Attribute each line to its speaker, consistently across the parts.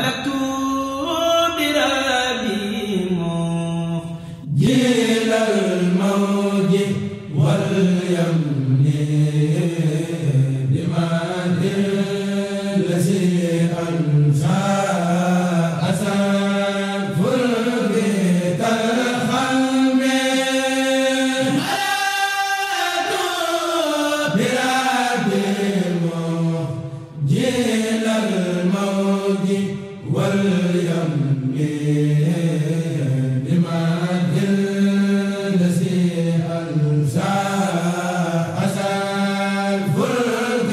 Speaker 1: ملكت al-fulk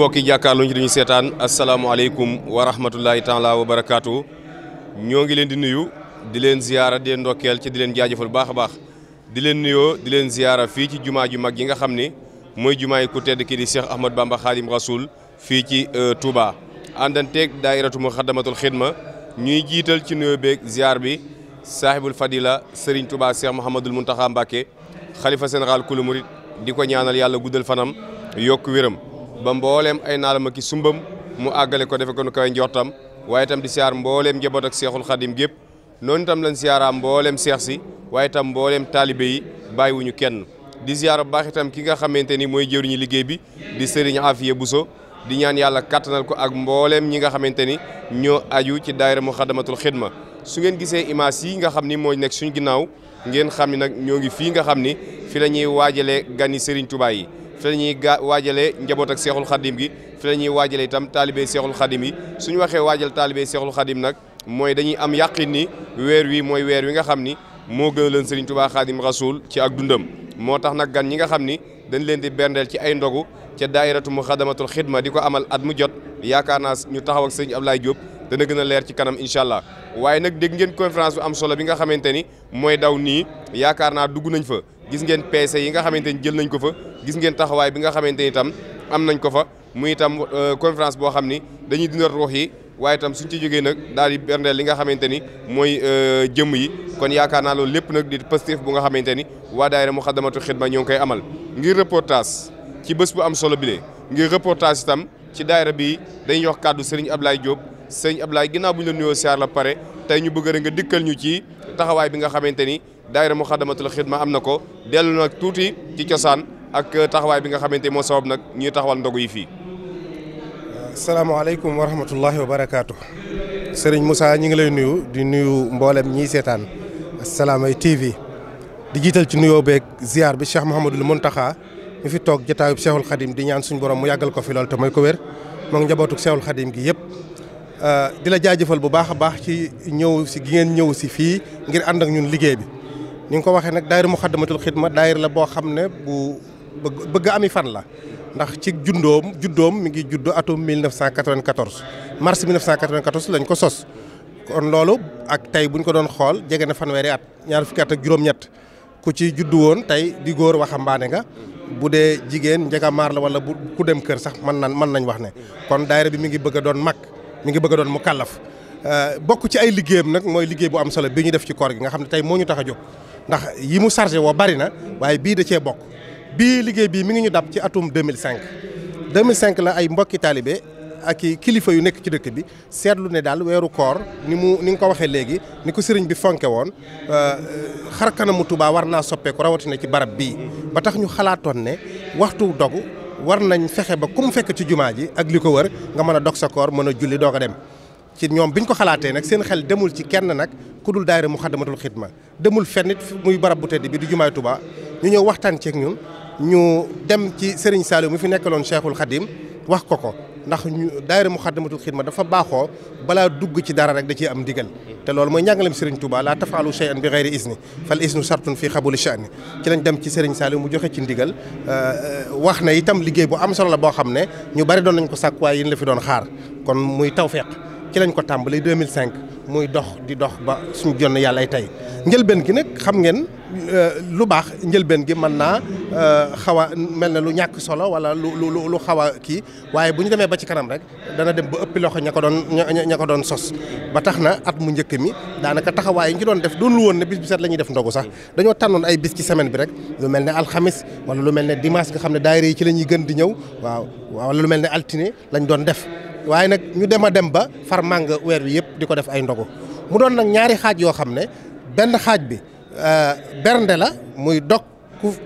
Speaker 2: mbokk yi jàkkaarloo ñu dañuy seetaan asalaamualeykum wa rahmatullahi taala wa barakaatu ñoo ngi leen di nuyu di leen ziyaara di ndokkeel ci di leen jaajëfal baax a baax di leen nuyoo di leen ziyaara fii ci jumaa ju mag yi nga xam ni mooy jumaa yi ku tedd kii di Cheikh Ahmad Bamba Khadim Rasoul fii ci euh, Touba. àndanteeg daairatu muxaddamatul xidma ñuy jiital ci nuyoo beeg ziar bi saahibul fadila Serigne Touba Cheikh Mouhamadul Mountakha Mbacké xalifa général kulu murit di ko ñaanal yàlla guddal fanam yokk wéram ba mbooleem ay naalam ak i sumbam mu àggale ko defe ko nu koy njortam waaye itam di siyaar mbooleem njaboot ak seexul xadim gépp noonu tam lañ siyaaraa mbooleem seex si waaye itam mbooleem taalibe yi bàyyiwuñu kenn di siyaar bu baax itam ki nga xamante ni mooy jëwriñu liggéey bi di sëriñ Afiya Buso di ñaan yàlla kattanal ko ak mbooleem ñi nga xamante ni ñoo aju ci daayira mu xadamatul xidma su ngeen gisee image yi nga xam ni moo nekk suñu ginnaaw ngeen xam ni nag ñoo ngi fii nga xam ni fi la ñuy waajalee gani sëriñ Tuubaa yi fi la ñuy gaa waajalee njaboot ak seexul xadim gi fi la ñuy waajalee itam taalibey seexul xadim yi suñu waxee waajal taalibey seexul xadim nag mooy dañuy am yàqin ni weer wi mooy weer wi nga xam ni moo gën a leen Serigne Touba Xadim Rasoul ci ak dundam moo tax nag gan ñi nga xam ni dañ leen di berndeel ci ay ndogu ca daairatu muxadamatul xidma di ko amal at mu jot yaakaar naa ñu taxaw ak sëñ Ablaye Diop dana gën a leer ci kanam incha allah waaye nag dégg ngeen conférence bu am solo bi nga xamante ni mooy daw nii yaakaar naa dugg nañ fa gis ngeen PC yi nga xamante ni jël nañ ko fa gis ngeen taxawaay bi nga xamante ni tam am nañ ko fa muy itam euh, conférence boo xam ni dañuy dundal ruux yi waaye itam suñ ci jógee nag daal di berndeel li nga xamante ni mooy euh, jëm yi kon yaakaar naa loolu lépp nag di positif bu nga xamante ni waa daayira mu xaddamatu xidma ñoo ngi koy amal ngir reportage ci bés bu am solo bi lee ngir reportage itam ci daayira bi dañuy wax ab Serigne Ablaye Diop Serigne Ablaye ginnaaw bu ñu la nuyoo siyaar la pare tey ñu bëgg rek nga dikkal ñu ci taxawaay bi nga xamante ni daayira Muxaddamatul Xidma am na ko dellu nag tuuti ci cosaan ak euh, taxawaay bi nga xamante moo sabab nag ñuy taxawal ndogu yi fii.
Speaker 3: salaamaaleykum wa rahmatullahi wa barakaatu. Serigne Moussa ñu ngi lay nuyu di nuyu mbooleem ñiy seetaan Assalaamy TV di jiital ci nuyoo beeg ziar bi lu Mouhamadul taxa mi fi toog jotaayub Cheikhul Khadim di ñaan suñu borom mu yàggal ko fi lool te mooy ko wér moom njabootuk Cheikhul Khadim gi yëpp. Euh, di la jaajëfal bu baax a baax ci ñëw si gi ñëw si fii ngir ànd ak ñun liggéey bi. ni nga ko waxee nag daayira Muxaddamatul Xidma daayira la boo xam ne bu bëgg ami fan la ndax ci jundoom juddoom mi ngi judd atum 1994 mars 1994 lañ ko sos kon loolu ak tey buñ ko doon xool jege na fanweeri at ñaar fukki at ak juróom-ñett ku ci juddu woon tey di góor waxambaane nga bu dee jigéen njega la wala bu ku dem kër sax mën nañ mën nañ wax ne kon daayira bi mi ngi bëgg doon mag mu ngi bëgg doon mu kàllaf euh, bokk ci ay liggéeyam nag mooy liggéey bu am solo bi ñu def ci koor gi nga xam ne tey moo ñu tax a jóg ndax yi mu chargé woo bari na waaye bii da cee bokk bii liggéey bii mi ngi ñu dab ci atum 2005 2005 la ay mbokki taalibe ak i kilifa yu nekk ci dëkk bi seetlu ne daal weeru koor ni mu ni nga ko waxee léegi ni ko sëriñ bi fonke woon euh, xar kanamu tubaa war naa soppee ku rawatina ci barab bii ba tax ñu xalaatoon ne waxtu dog war nañ fexe ba ku mu fekk ci jumaa ji ak li ko wër nga mën a dog sa koor mën a julli doo ko dem ci ñoom bi ñu ko xalaatee nag seen xel demul ci kenn nag ku dul daayira Muxaddamatul Xidma demul fenn it muy barab bu tedd bi di jumaay Tuubaa ñu ñëw waxtaan ceeg ñun ñu dem ci Serigne Saliou mu fi nekkaloon Cheikhul Khadim wax ko ko ndax ñu daayira Muxaddamatul Xidma dafa baaxoo balaa dugg ci dara rek da ciy am ndigal te loolu mooy njàngaleem Serigne Touba laa tafaalu shay'an bi ghayri izni fal isnu sartun fii xabuli sha'ni ci lañ dem ci Serigne Saliou mu joxe ci ndigal euh, wax na itam liggéey bu am solo la boo xam ne ñu bari doon nañ ko sàkk waaye yéen la fi doon xaar kon muy tawfeex ci lañ ko tàmbali 2005. muy dox di dox ba suñu jonn yàlla tey njëlbeen gi nag xam ngeen euh, lu baax njëlbeen gi mën naa euh, xaw a mel na lu ñàkk solo wala lu lu lu xaw a kii waaye bu ñu demee ba ci kanam rek dana dem ba ëpp loxo ña ko doon ña ko doon sos ba tax na at mu njëkk mi daanaka taxawaay yi ñu doon def doon lu woon ne bi set la ñuy def ndogu sax dañoo ay bis ci semaine bi rek lu mel ne alxamis wala lu mel ne dimanche nga xam ne daayira yi ci la ñuy gën di ñëw waaw lu mel ne altine lañ doon def waaye nag ñu dem a dem ba far màng weer wi yëpp di ko def ay ndogu mu doon nag ñaari xaaj yoo xam ne benn xaaj bi euh, bernde la muy dog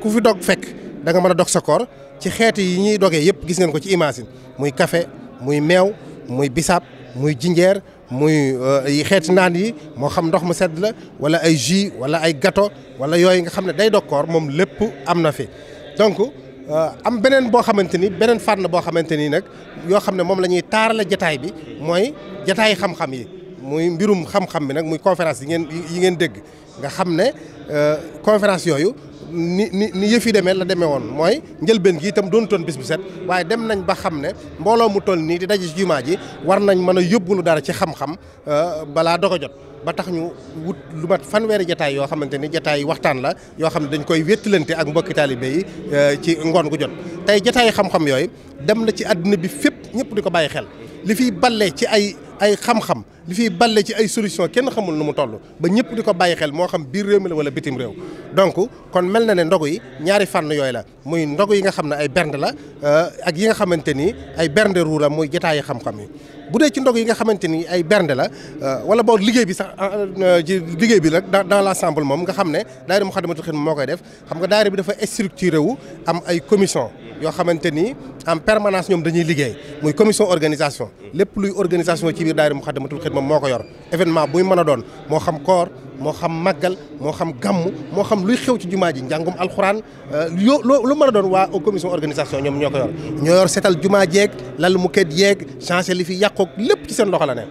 Speaker 3: ku fi dog fekk da nga mën a dog sa koor ci xeet yi ñuy dogee yëpp gis ngeen ko ci imagine muy kafe muy meew muy bisaab muy jinjeer muy euh, xeeti naan yi moo xam ndox mu sedd la wala ay jus wala ay gato wala yooyu nga xam ne day dog koor moom lépp am na fi donc euh, am beneen boo xamante ni beneen fànn boo xamante ni nag yoo xam ne moom la ñuy taarale jataay bi mooy jataay xam-xam yi muy mbirum xam-xam bi nag muy conférence yi ngeen yi ngeen dégg nga xam ne euh, conférence yooyu ni ni ni yëf yi demee la demee woon mooy njëlbeen gi itam doonu toon bis bu waaye dem nañ ba xam ne mbooloo mu toll nii di daje ci jumaa ji war nañ mën a yóbbulu dara ci xam-xam euh, balaa doog a jot ba tax ñu wut lu mat fanweeri jataay yoo xamante ni jataay waxtaan la yoo xam ne dañ koy wéttalante ak mbokki taalibe yi euh, ci ngoon gu jot tey jataay xam-xam yooyu dem na ci àddina bi fépp ñëpp di ko bàyyi xel li fiy ballee ci ay ay xam li fiy balle ci ay solution kenn xamul nu mu toll ba ñëpp di ko bàyyi xel moo xam biir réew mi la wala bitim réew donc kon mel na ne ndogu yi ñaari fànn yooyu la muy ndogu yi nga xam ne ay bernde la euh, ak yi nga xamante ni ay bernde ruu la muy jotaayu xam-xam yi bu dee ci ndogu yi xamante ni ay bernde la euh, wala boog liggéey bi sax euh, ci liggéey bi nag dans l'ensemble moom nga xam ne daayira Moukhaddamatoul Khidma moo koy def xam nga daayira bi dafa structuré wu am ay commission yoo xamante ni en permanence ñoom dañuy liggéey muy commission organisation lépp luy organisation ci biir daayira Moukhaddamatoul moom moo ko yor événement buy mën a doon moo xam koor moo xam màggal moo xam gàmm moo xam luy xew ci jumaa ji njàngum alxuraan yo euh, lu mën doon waa commission organisation ñoom ñoo ko yor ñoo yor setal jumaa jeeg lal mu ket yeeg changé li fi yàqoog lépp ci seen loxo ne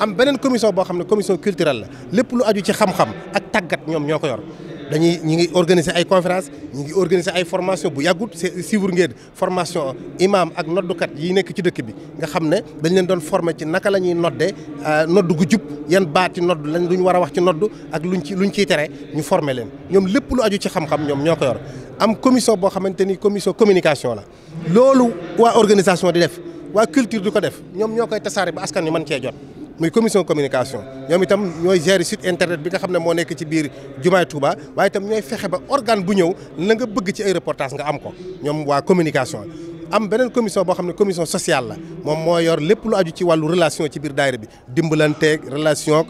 Speaker 3: am beneen commission boo xam ne commission culturelle la lépp lu aju ci xam-xam ak tàggat ñoom ñoo ko yor dañuy ñu ngi organiser ay conférence ñu ngi organiser ay formation bu yàggut suivre ngeen formation imam ak noddukat yi nekk ci dëkk bi nga xam ne dañ leen doon former ci naka la ñuy noddee euh, nodd gu jub yan baati nodd lañ luñ war a wax ci nodd ak luñ ci luñ ciy tere ñu former leen ñoom lépp lu aju ci xam-xam ñoom ñoo ko yor am commission boo xamante ni commission communication la loolu waa organisation di def waa culture di ko def ñoom ñoo koy tasaare ba askan wi mën cee jot muy commission communication ñoom itam ñooy gérer site internet bi nga xam ne moo nekk ci biir jumaay Touba waaye itam ñooy fexe ba organ bu ñëw la nga bëgg ci ay reportage nga am ko ñoom waa communication am beneen commission boo xam ne commission sociale la moom moo yor lépp lu aju ci wàllu relation ci biir daayira bi dimbalanteeg relation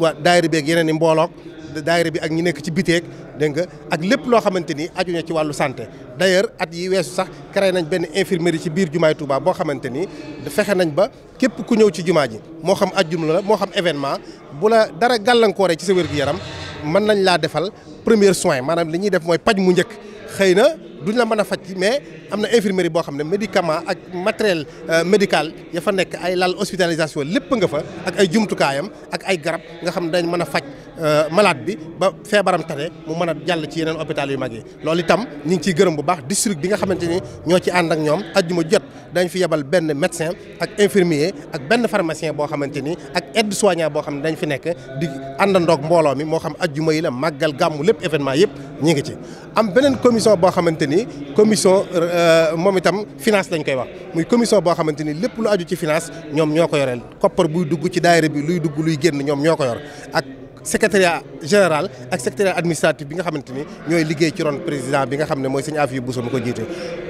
Speaker 3: waa daayira beeg yeneen i mbooloog daayira bi ak ñi nekk ci biteek dégg nga ak lépp loo xamante ni aju ci wàllu santé d'ailleurs at yi weesu sax créé nañ benn infirmerie ci biir jumaay Touba boo xamante ni fexe nañ ba képp ku ñëw ci jumaa ji moo xam ajjum la moo xam événement bu la dara gàllankooree ci sa wér-gu-yaram mën nañ laa defal premier soin maanaam li ñuy def mooy paj mu njëkk xëy na duñ la mën a faj mais am na infirmerie boo xam ne médicament ak matériel euh, médical ya fa nekk ay lal hospitalisation lépp nga fa ak ay jumtukaayam ak ay garab nga xam dañ mën a faj Euh, malade bi ba feebaram tane mu mën a jàll ci yeneen hôpital yu mag yi loolu itam ñu ngi ciy gërëm bu baax district bi nga xamante ni ñoo ci ànd ak ñoom ajjuma jot dañ fi yebal benn médecin ak infirmier ak benn pharmacien boo xamante ni ak aide soignant boo xam ne dañ fi nekk di àndandoog mbooloo mi moo xam ajjuma yi la màggal gàmmu lépp événement yëpp ñu ngi ci am beneen commission boo xamante ni commission euh, moom itam finance lañ koy wax muy commission boo xamante ni lépp lu aju ci finance ñoom ñoo ko yoreel koppar buy dugg bi luy dugg luy génn ñoom ñoo ko yor ak secrétariat général ak secrétariat administratif bi nga xamante ni ñooy liggéey ci ron président bi nga xam ne mooy señ Afiyou Bousso mu ko jiite.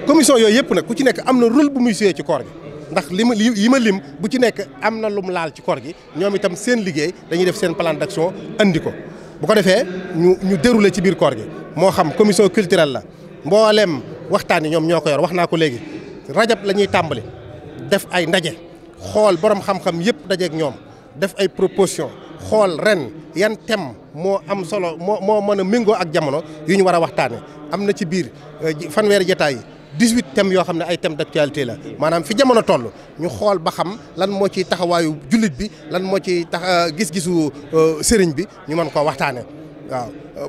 Speaker 3: commission yooyu yëpp nag ku ci nekk am na rôle bu muy joué ci koor ndax li ma yi ma lim bu ci nekk am na lum laal ci koor gi ñoom itam seen liggéey dañuy def seen plan d'action andi ko bu ko defee ñu ñu déroulé ci biir koor gi moo xam commission culturelle la mboolem waxtaan yi ñoom ñoo ko yor wax naa ko léegi rajab la ñuy tàmbali def ay ndaje xool borom xam yëpp dajeeg ñoom def ay proposition xool ren yan thème moo am solo moo moo mën a méngoo ak jamono yu ñu war a waxtaane am na ci biir euh, fanweeri jotaay yi dix-huit yoo xam ne ay thèmes d'actualité la maanaam fi jamono toll ñu xool ba xam lan moo ci taxawaayu jullit bi lan moo ci tax euh, gis-gisu euh, sëriñ bi ñu mën koo waxtaane waaw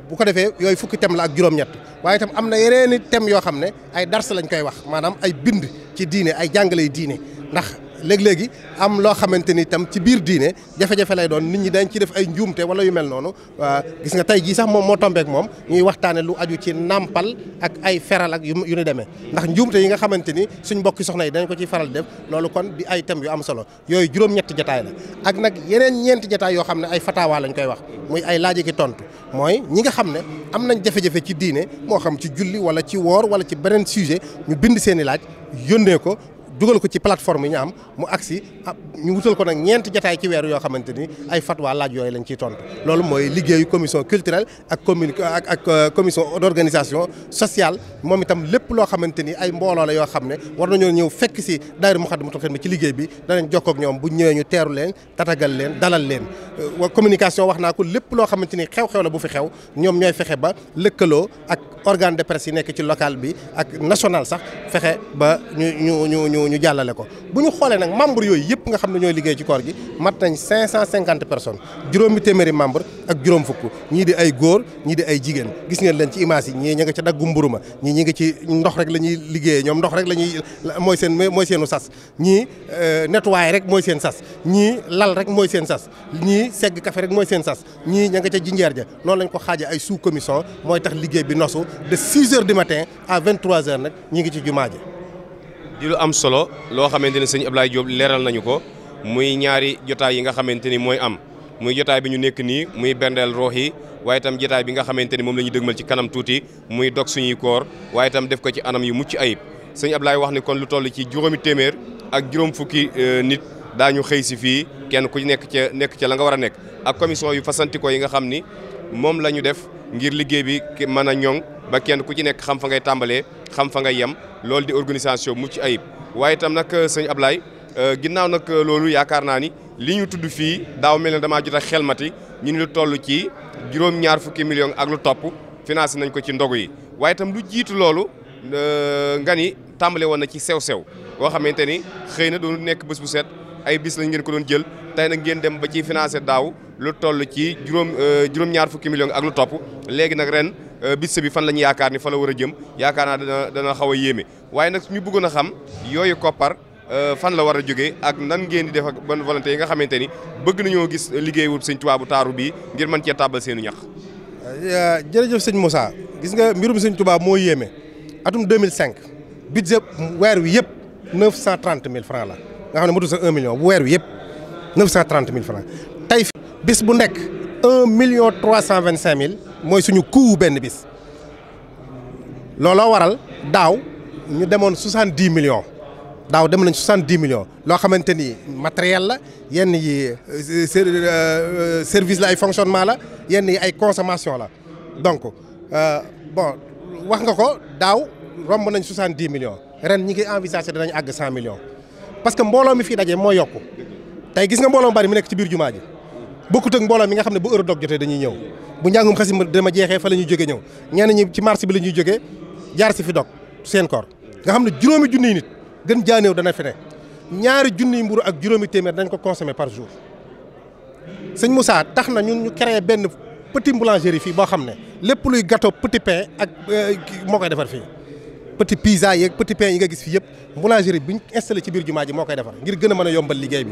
Speaker 3: bu ko defee yooyu fukki tem la ak juróom-ñett waaye itam am na yeneen i thèmes yoo xam ne ay dars lañ koy wax maanaam ay bind ci diine ay jàngale diine ndax léegi léegi am loo xamante ni itam ci biir diine jafe-jafe lay doon nit ñi dañ ci def ay njuumte wala yu mel noonu gis nga tey jii sax moom moo tombeek moom ñuy waxtaane lu aju ci nàmpal ak ay feral ak yu ni demee ndax njuumte yi nga xamante ni suñ mbokki soxna yi dañ ko ciy faral def loolu kon di ay thèmes yu am solo yooyu juróom-ñetti jataay la ak nag yeneen ñeenti jataay yoo xam ne ay fatawaa lañ koy wax muy ay laaj tontu mooy ñi nga xam ne am nañ jafe-jafe ci diine moo xam ci julli wala ci woor wala ci beneen sujet ñu bind seeni laaj yónnee ko dugal ko ci plateforme yi ñu am mu agsi ah, ñu wutal ko nag ñeenti jataay ci weer yoo xamante ni ay fatwa laaj yooyu lañ ciy tontu loolu mooy liggéeyu commission culturelle ak euh, la yoo xam ne war nañoo euh, communication wax la bu fi xew ñoom ñooy de presse yi nekk ci local bi ak national sax fexe ba ñu ñu ñu ñu jàllale ko bu ñu xoolee nag membre yooyu yëpp nga xam ne ñoo liggéey ci koor gi mat nañ cinq cent cinquante personnes juróomi téeméeri membre ak juróom fukk ñii di ay góor ñii di ay jigéen gis ngeen leen ci image yi ñii ñi nga ci daggu mburu ma ñii ñi nga ci ndox rek la ñuy liggéeyee ñoom ndox rek la ñuy mooy seen mooy seenu sas ñii euh, nettoyer rek mooy seen sas ñii lal rek mooy seen sas ñii segg kafe rek mooy seen sas ñii ña nga ca jinjeer ja noonu lañ ko xaaja ay sous commission mooy tax liggéey bi nosu de 6 heures du à 23 heures nag ñi ngi ci jumaa ji
Speaker 2: di lu am solo loo xamante ne sëñ Ablaye Diop leeral nañu ko muy ñaari jotaay yi nga xamante ni mooy am muy jotaay bi ñu nekk nii muy bendeel roox yi waaye tam jotaay bi nga xamante ni moom la ñu dëgmal ci kanam tuuti muy dog suñuy koor waaye def ko ci anam yu mucc ayib sëñ Ablaye wax ni kon lu toll ci juróomi téeméer ak juróom fukki e, nit daañu xëy si fii kenn ku nekk ca nekk ca la nga war a nekk ak commission yu fasantikoo yi nga xam ni moom la ñu def ngir liggéey bi mën a ñoŋ ba kenn ku ci nekk xam fa ngay tàmbalee xam fa ngay yem loolu di organisation mucc ayib waaye itam nag euh, sëñ Ablaye euh, ginnaaw nag euh, loolu yaakaar naa ni li ñu tudd fii daaw mel ne damaa jot a xelmati ñu ni lu toll ci juróom-ñaar fukki million ak lu topp finance nañ ko ci ndogu yi waaye itam lu jiitu loolu nga ni tàmbale woon na ci sew-sew boo xamante ni xëy na doonu nekk bés bu set ay bis lañ ngeen ko doon jël tey nag ngeen dem ba ci financé daaw lu toll ci juróom euh, juróom-ñaar fukki millions ak lu topp léegi nag ren euh, bis bi fan la ñu yaakaar ni fa la war a jëm yaakaar naa dana dana xaw a yéeme waaye nag ñu bëggoon a xam yooyu koppar euh, fan la war a jógee ak nan ngeen di def ak bonne yi nga xamante ni bëgg nañoo gis liggéeyu Sëñ Tuubaa bu taaru bii ngir mën cee tàbbal seenu ñax.
Speaker 3: jërëjëf sëñ Moussa gis nga mbirum Sëñ tubaab moo yéeme atum 2005 budget weer wi yëpp 930 000 francs la nga xam ne million bu weer wi yëpp 930 000 francs bis bu nekk un million trois cent vingt cinq mille mooy suñu coût benn bis looloo waral daaw ñu demoon soixante dix million daaw dem nañ soixante dix millions loo xamante ni matériel la yenn yi euh, euh, euh, service la ay fonctionnement la yenn yi ay consommation la donc bon wax nga ko daaw romb nañ soixante dix millions ren ñi ngi envisagé danañ àgg cent millions parce que mbooloo mi fii dajee moo yokku tey gis nga mbooloo bari mu nekk ci biir jumaa ji bokkut ak mbooloo mi nga xam ne bu heure dog jotee dañuy ñëw bu njàngum xasima dama jeexee fa la jóge ñëw ñenn ñi ci marché bi la ñuy jógee jaar si fi dog seen koor nga xam ne juróomi junniy nit gën jaaneew dana fene ñaari junniy mburu ak juróomi téeméer dañ ko consommer par jour sëñ Moussa tax na ñun ñu créé benn petit boulangerie fii boo xam ne lépp luy gâteau petit pain ak euh, moo koy defar fii petit pizza yeeg petit pain yi nga gis fii yëpp boulangerie bi ñu installé ci biir jumaa ji moo koy defar ngir gën a a yombal liggéey bi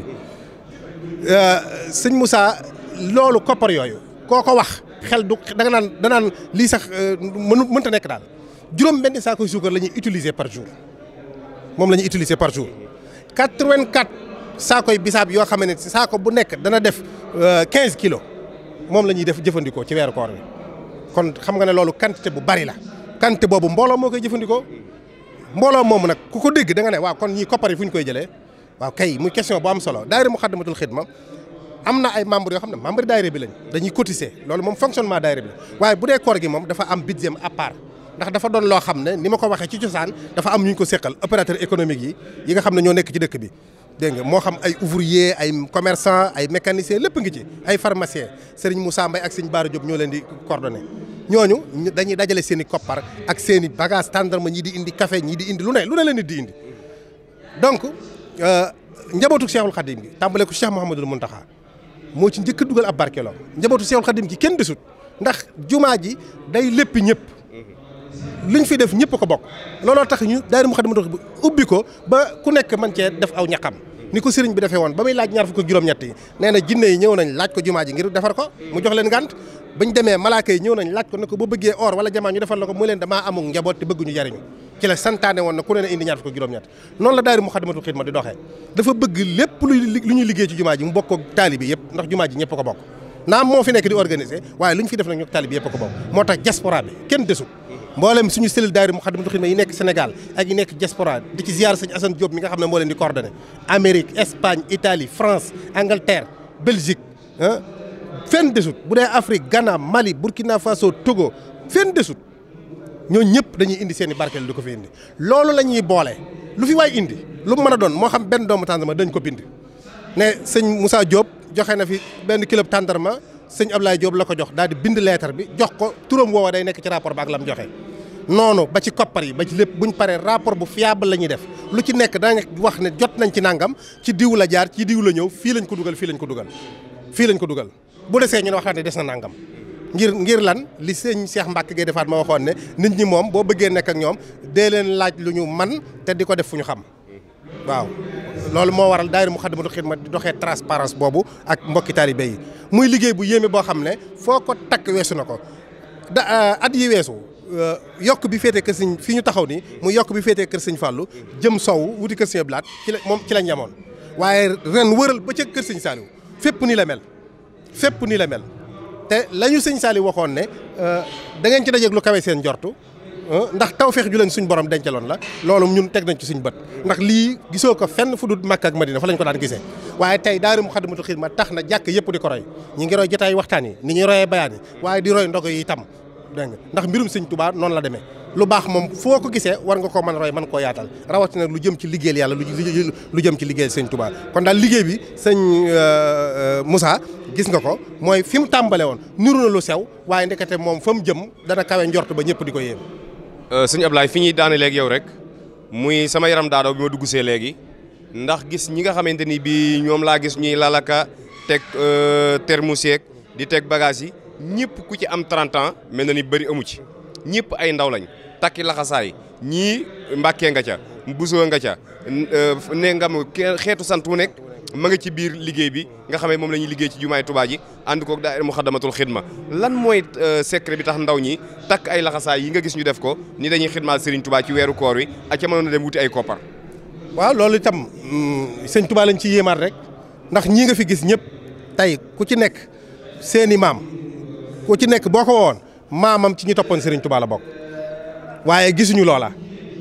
Speaker 3: Euh, sëñ Moussa loolu koppar yooyu koo ko wax xel du danga naan danaan lii sax euh, mënu mënta nekk daal juróom benn saako suukar la ñuy utiliser par jour moom la ñuy utiliser par jour 84 saako yi bisaab yoo xam ne saako bu nekk dana def 15 euh, kilos moom la ñuy def jëfandikoo ci weeru koor bi kon xam nga ne loolu quantité bu bari la quantité boobu mbooloo moo koy jëfandikoo mbooloo moomu nag ku ko dégg da nga ne waaw kon ñii koppar yi fu ñu koy jëlee. waaw kay muy question bu am solo daayira Muxaddamatul Xidma am na ay membres yoo xam ne membre daayira bi lañ dañuy cotiser loolu moom fonctionnement daayira bi la waaye bu dee koor gi moom dafa am budget à ndax dafa doon loo xam ne ni ma ko waxee ci cosaan dafa am ñu ñu ko seqal opérateur économique yi yi nga xam ne ñoo nekk ci dëkk bi dégg nga moo xam ay ouvrier ay commerçant ay mécanicien lépp ngi ci ay pharmacien Serigne Moussa Mbaye ak Serigne Bara Diop ñoo leen di coordonné ñooñu dañuy dajale seen i ak seen i bagage tàndarma ñii di indi café ñii di indi lu ne lu ne leen di indi donc Euh, njabootu Cheikhul Khadim gi tàmbale ko Cheikh Mouhamadul taxaa moo ci njëkk dugal ab barkeeloo njabootu Cheikhul Khadim gi kenn desut ndax jumaa ji day lépp ñëpp luñ fi def ñëpp ko bokk looloo tax ñu daayira Moukhaddamatoul Khidma ubbi ko ba ku nekk man cee def aw ñaqam ni ko sëriñ bi defee woon ba muy laaj ñaar fukk ak juróom-ñett yi nee na jinne yi ñëw nañ laaj ko jumaa ji ngir defar ko mu jox leen ngànt bañ demee malaaka yi ñëw nañ laaj ko ne ko bu bëggee or wala jamaa ñu defal la ko mu leen damaa amul njaboot te bëgguñu jariñu ci la santaane woon na ku ne indi ñaar fukk juróom-ñett noonu la daayira Muxaddamatul Xidma di doxee dafa bëgg lépp lu lu ñu liggéey ci jumaa ji mu bokk ak taalibe yëpp ndax jumaa ji ñëpp ko bokk naam moo fi nekk di organiser waaye lu ñu fi def nag ñu taalibe yëpp ko bokk moo tax diaspora bi kenn desul mboolem suñu cellule daayira Muxaddamatul Xidma yi nekk Sénégal ak yi nekk diaspora di ci ziar sëñ Assane Diop mi nga xam ne moo leen di coordonné Amérique Espagne Italie France Angleterre Belgique fenn desut bu dee Afrique Ghana Mali Burkina Faso Togo fenn ñoo ñëpp dañuy indi seen i barkeel di ko fi indi loolu la ñuy boole lu fi waay indi lu mu mën a doon moo xam benn doomu tàndarma dañ ko bind ne sëñ Moussa Diop joxe na fi benn kilo tàndarma sëñ Ablaye Diop la ko jox daal di bind leetar bi jox ko turam woowa day nekk ci rapport ba ak lam joxe noonu ba ci koppar yi ba ci lépp buñ paree rapport bu fiable la ñuy def lu ci nekk daañu wax ne jot nañ ci nangam ci diw la jaar ci diw la ñëw fii lañ ko dugal fii lañ ko dugal fii lañ ko dugal bu desee ñu ne waxtaan des na nangam ngir ngir lan li sëñ Cheikh Mbacke Gueye defaat ma waxoon ne nit ñi moom boo bëggee nekk ak ñoom dee leen laaj lu ñu man te di ko def fu ñu xam waaw loolu moo waral daayira Moukhaddamatoul Khidma di doxee transparence boobu ak mbokki taalibe yi muy liggéey bu yéeme boo xam ne foo ko takk weesu na ko da eh, at yi weesu eh, yokk bi féetee kër sëñ fii ñu taxaw ni mu yokk bi féetee kër sëñ Fallou jëm sow wuti kër sëñ Blaat ci la moom ci lañ yemoon waaye ren wëral ba ca kër saanu fépp ni fépp ni te lañu ñu sëñ Saliou waxoon ne euh, da ngeen ci dajeeg lu kawe seen jortu euh, ndax tawféex ju leen suñ borom dencaloon la loolu ñun teg nañ ci suñ bët ndax lii gisoo ko fenn fu dul Makka ak Madina fa lañ ko daan gisee waaye tey daa daara Moukhaddamatoul Khidma tax na jàkk yëpp di ko roy ñi ngi roy jotaay waxtaan yi ni ñuy royee bayaan yi waaye di roy ndogo yi itam dégg ndax mbirum sëñ Tuubaa noonu la deme lu baax moom foo ko gisee war nga koo mën roy man koo yaatal rawatina lu jëm ci liggéeyal yàlla lu jëm ci liggéeyal sëñ Touba kon daal liggéey bi sëñ euh, euh, Moussa gis nga ko mooy fi mu tàmbale woon niru na lu sew waaye ndekete moom fa mu jëm dana kawe njort ba ñëpp di ko yéem.
Speaker 2: Euh, sëñ Ablaye fi ñuy daane léegi yow rek muy sama yaram daadaw bi ma dugg see léegi ndax gis ñi nga xamante ni bii ñoom laa gis ñuy laalaka teg termus yeeg di teg bagage yi ñëpp ku ci am 30 ans mel na ni bëri amu ci ñëpp ay lañ. takki laxasaay ñii mbàkkee nga ca busoo nga ca euh, ne nga ma xeetu sant wu nekk ma nga ci biir liggéey bi nga xam ne moom la ñuy liggéey ci jumaay Tuubaa ji ànd koog daayira Muxaddamatul Xidma lan mooy euh, secret bi tax ndaw ñi takk ay laxasaay yi nga gis ñu def ko ni dañuy xidmaal Serigne Touba ci weeru koor wi ak ca a dem wuti ay koppar.
Speaker 3: waaw loolu itam mm, sëñ Touba lañ ci yéemaat rek ndax ñii nga fi gis ñëpp tey ku ci nekk seeni maam ku ci nekk boo ko woon maamam ci ñi toppoon Serigne Touba la bokk. waaye gisuñu loola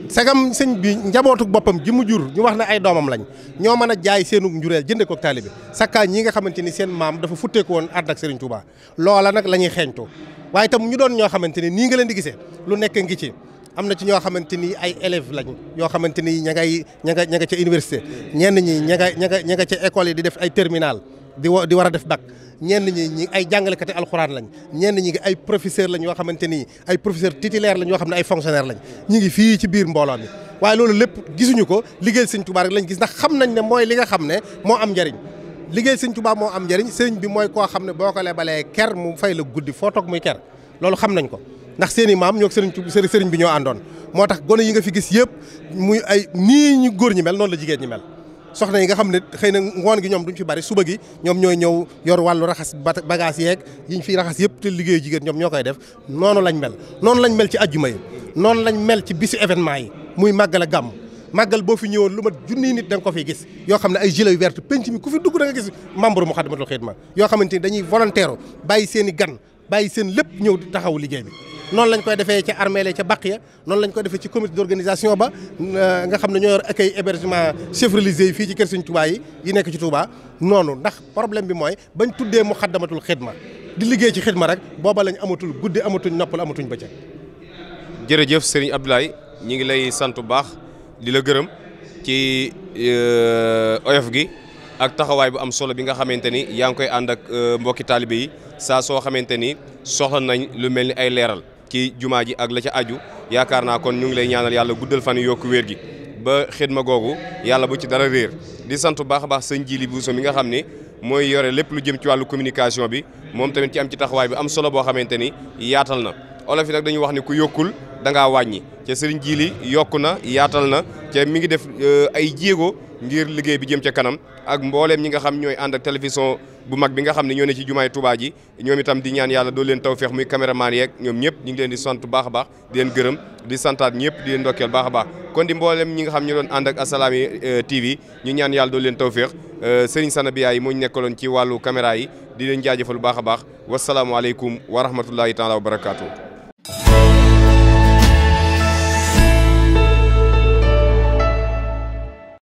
Speaker 3: sagam sëñ bi njabootu boppam ji mu jur ñu wax na ay doomam lañ ñoo mën a jaay seenug njureel jënde ko taalibe sakkaa ñi nga xamante ni seen maam dafa futteeku woon ànd ak Sëriñ Tuuba loola nag la ñuy xeeñtu waaye itam ñu doon ñoo xamante ni nii nga leen di gisee lu nekkee ngi ci am na ci ñoo xamante ni ay élèves lañ ñoo xamante ni ña ngay ña nga ña nga ca université ñenn ñi ña nga ña nga ña ca école yi di def ay terminal di di war a def bac ñenn ñi ñi ay jàngalekati alxuraan lañ ñenn ñi ay professeur lañ yoo xamante ni ay professeur titulaire lañ yoo xam ne ay fonctionnaire lañ ñu ngi fii ci biir mbooloo mi waaye loolu lépp gisuñu ko liggéey sëñ Tuubaa rek lañ gis ndax xam nañ ne mooy li nga xam ne moo am njariñ liggéey sëñ Tuubaa moo am njariñ sëriñ bi mooy koo xam ne boo ko lebalee ker mu fay la guddi foo toog muy ker loolu xam nañ ko ndax seen i maam ñoo sëriñ sëriñ bi ñoo àndoon moo tax gone yi nga fi gis yëpp muy ay nii ñu góor ñi mel noonu la jigéen ñi mel soxna yi nga xam ne xëy na ngoon gi ñoom duñ fi bari suba gi ñoom ñooy ñëw yor wàllu raxas bagage yeeg yiñ fi raxas yëpp te liggéeyu jigéen ñoom ñoo koy def noonu lañ mel noonu lañ mel ci ajjuma yi noonu lañ mel ci bisu événement yi muy màggal a gàmm màggal boo fi ñëwoon lu mat junniy nit da ko fiy gis yoo xam ne ay gilet yu vert penc mi ku fi dugg da nga gis membre Moukhaddamatoul Khidma yoo xamante ni dañuy volontaire bàyyi seeni gan bàyyi seen lépp ñëw di taxaw liggéey bi noonu lañ koy defee ci ca armée ca bàq ya noonu lañ koy defee ci comité d'organisation ba euh, nga xam ne ñoo yor accueil hébergement chef religieux yi fii ci kër Sëriñ Tuubaa yi nekk ci Tuubaa noonu ndax problème bi mooy bañ tuddee mu xaddamatul xidma di liggéey ci xidma rek booba lañ amatul guddi amatuñ noppal amatuñ bëccëg.
Speaker 2: jërëjëf Serigne Abdoulaye ñi ngi lay sant bu baax di la gërëm ci euh, oyof gi ak taxawaay bu am solo bi nga xamante ni yaa ngi koy ànd ak euh, mbokki taalibe yi saa soo xamante ni soxla nañ lu mel ni ay leeral. ci jumaa ji ak la ca aju yaakaar naa kon ñu ngi lay ñaanal yàlla guddal fan yokku wéer gi ba xidma googu yàlla bu ci dara réer di sant bu baax a baax sëñ Jili Buuso mi nga xam ne mooy yore lépp lu jëm ci wàllu communication bi moom tamit ci am ci taxawaay bi am solo boo xamante ni yaatal na olof yi nag dañuy wax ni ku yokkul da ngaa wàññi ca sëriñ njiili yokk na yaatal na ca mi ngi def euh, ay jigo ngir liggéey bi jëm ca kanam ak mbooleem ñi nga xam ñooy ànd ak télévision bu mag bi nga xam ne ñoo ne ci jumaay Touba ji ñoom itam di ñaan yàlla doo leen taw feex muy caméraman yeeg ñoom ñëpp ñu ngi leen di sant baax a baax di leen gërëm di santaat ñëpp di leen ndokkeel baax a baax kon di mbooleem ñi nga xam ñu doon ànd ak Assalaamy euh, TV ñu ñaan yàlla doo leen taw feex euh, Serigne Sanabiya yi moo nekkaloon ci wàllu caméra yi di leen jaajëfal baax a baax wasalaamualeykum wa rahmatullahi taala wa barakaatu